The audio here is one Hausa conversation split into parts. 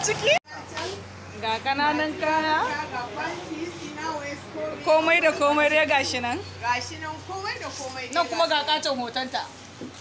ciki? Ga kananan kaya? Komai da komai dai gashi nan? Gashi nan komai da komai. Nan kuma ga katon hotonta.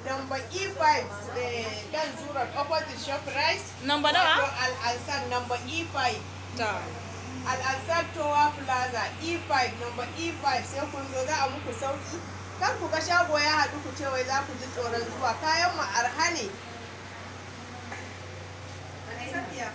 Number E5 kan zura, opposite right Number nawa? Al-Ansar number E5. Ta. Al-Ansar Towa Plaza E5 number E5 sai kun zo za a muku sauki. Kan ku ga shago ya haɗu ku ce wai za ku ji tsoron zuwa kayan mu ne. Ya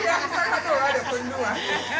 ya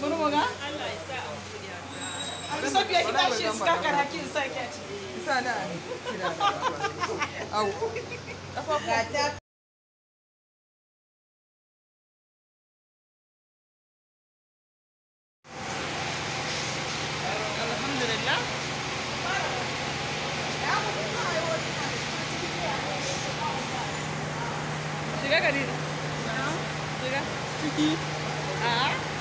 murmuga Allah ya sa an buɗe Abu Safiya ki tashi su kakara kin sa ki Isa na da Au. Kafafu. Shiga gari. Shiga. Ciki.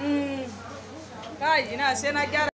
Mm. kai ina sai na gyara